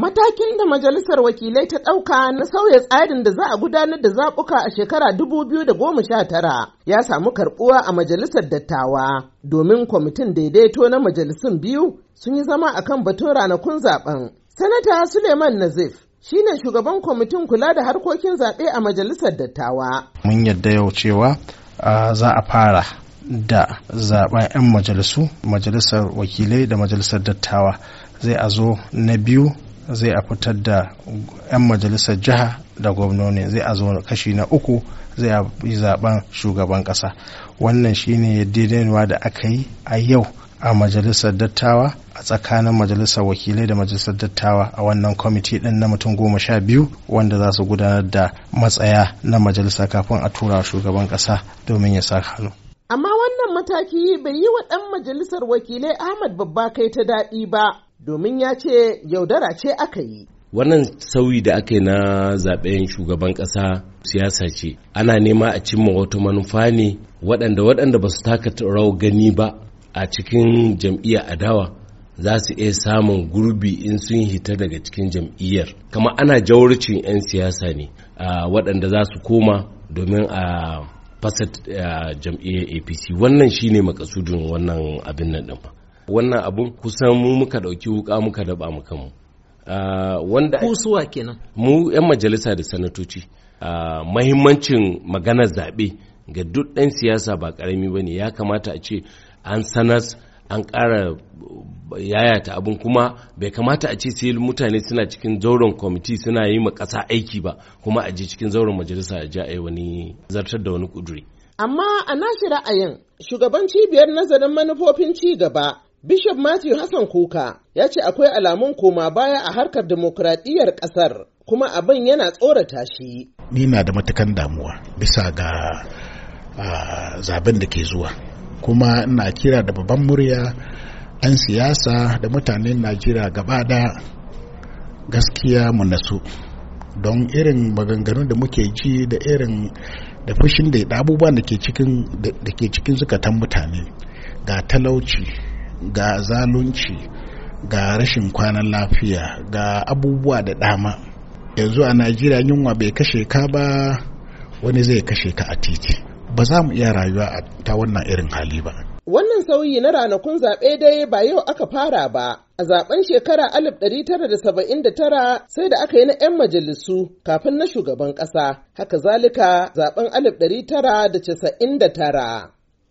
Matakin da Majalisar Wakilai ta ɗauka na sauya tsarin da za a gudanar da zaɓuka a shekara 2019 ya samu karɓuwa a Majalisar Dattawa domin kwamitin daidaito na majalisun biyu sun yi zama a kan batun ranakun zaɓen. Sanata Suleiman Nazif shi ne shugaban kwamitin kula da harkokin zaɓe a Majalisar Dattawa. Mun yadda yau cewa za a fara da zaben 'yan majalisu majalisar wakilai da majalisar dattawa zai a zo na biyu zai a fitar da 'yan majalisar jiha da gwamnoni zai a zo kashi na uku zai a yi zaben shugaban ƙasa wannan shine daidaituwa da aka yi a yau a majalisar dattawa a tsakanin majalisar wakilai da majalisar dattawa a wannan kwamiti din na mutum goma sha biyu wanda za su gudanar da matsaya na majalisa kafin a tura shugaban ƙasa domin ya sa hannu. amma wannan mataki bai yi wa ɗan majalisar wakilai ahmad babba kai ta daɗi ba domin ya ce yaudara ce aka yi. Wannan sauyi da aka yi na zaben shugaban ƙasa siyasa ce, ana nema a cimma wata manufa ne waɗanda waɗanda ba su taka rawar gani ba a cikin jam'iyya adawa za su iya samun gurbi in sun hita daga cikin jam'iyyar. Kama ana jawarcin 'yan siyasa ne waɗanda za su koma domin a fasa jam'iyyar APC. Wannan shine makasudin wannan abin nan ɗin. wannan abun kusan mu muka ɗauki wuka muka daba mu kanmu ah, wanda suwa kenan mu 'yan majalisa da sanatoci ah, mahimmancin maganar zaɓe ga duk ɗan siyasa ba ƙarami ba ne ya kamata a ce an sanas an ƙara yayata abin kuma bai kamata a ce sai mutane suna cikin zauren kwamiti suna yi ma ƙasa aiki ba kuma a je cikin zauren majalisa a ja wani zartar da wani kuduri. Amma a nashi ra'ayin shugaban cibiyar nazarin manufofin ci gaba Bishop Matthew Hassan Kuka ya ce akwai alamun koma baya a harkar demokuraɗiyyar ƙasar kuma abin yana tsorata shi. Ni na da matukan damuwa bisa ga zaben da ke zuwa kuma ina kira da babban murya 'yan siyasa da mutanen Najeriya gaba da gaskiya mu nasu don irin maganganun da muke ji da irin da fushin da abubuwan da ke cikin zukatan mutane ga talauci ga zalunci ga rashin kwanan lafiya ga abubuwa da dama yanzu a najeriya yunwa bai kashe ka ba wani zai kashe ka a titi ba za mu iya rayuwa ta wannan irin hali ba wannan sauyi na ranakun zaɓe dai ba yau aka fara ba a zaben shekara 1979 sai da aka yi na 'yan majalisu kafin na shugaban ƙasa haka zalika zaben 1999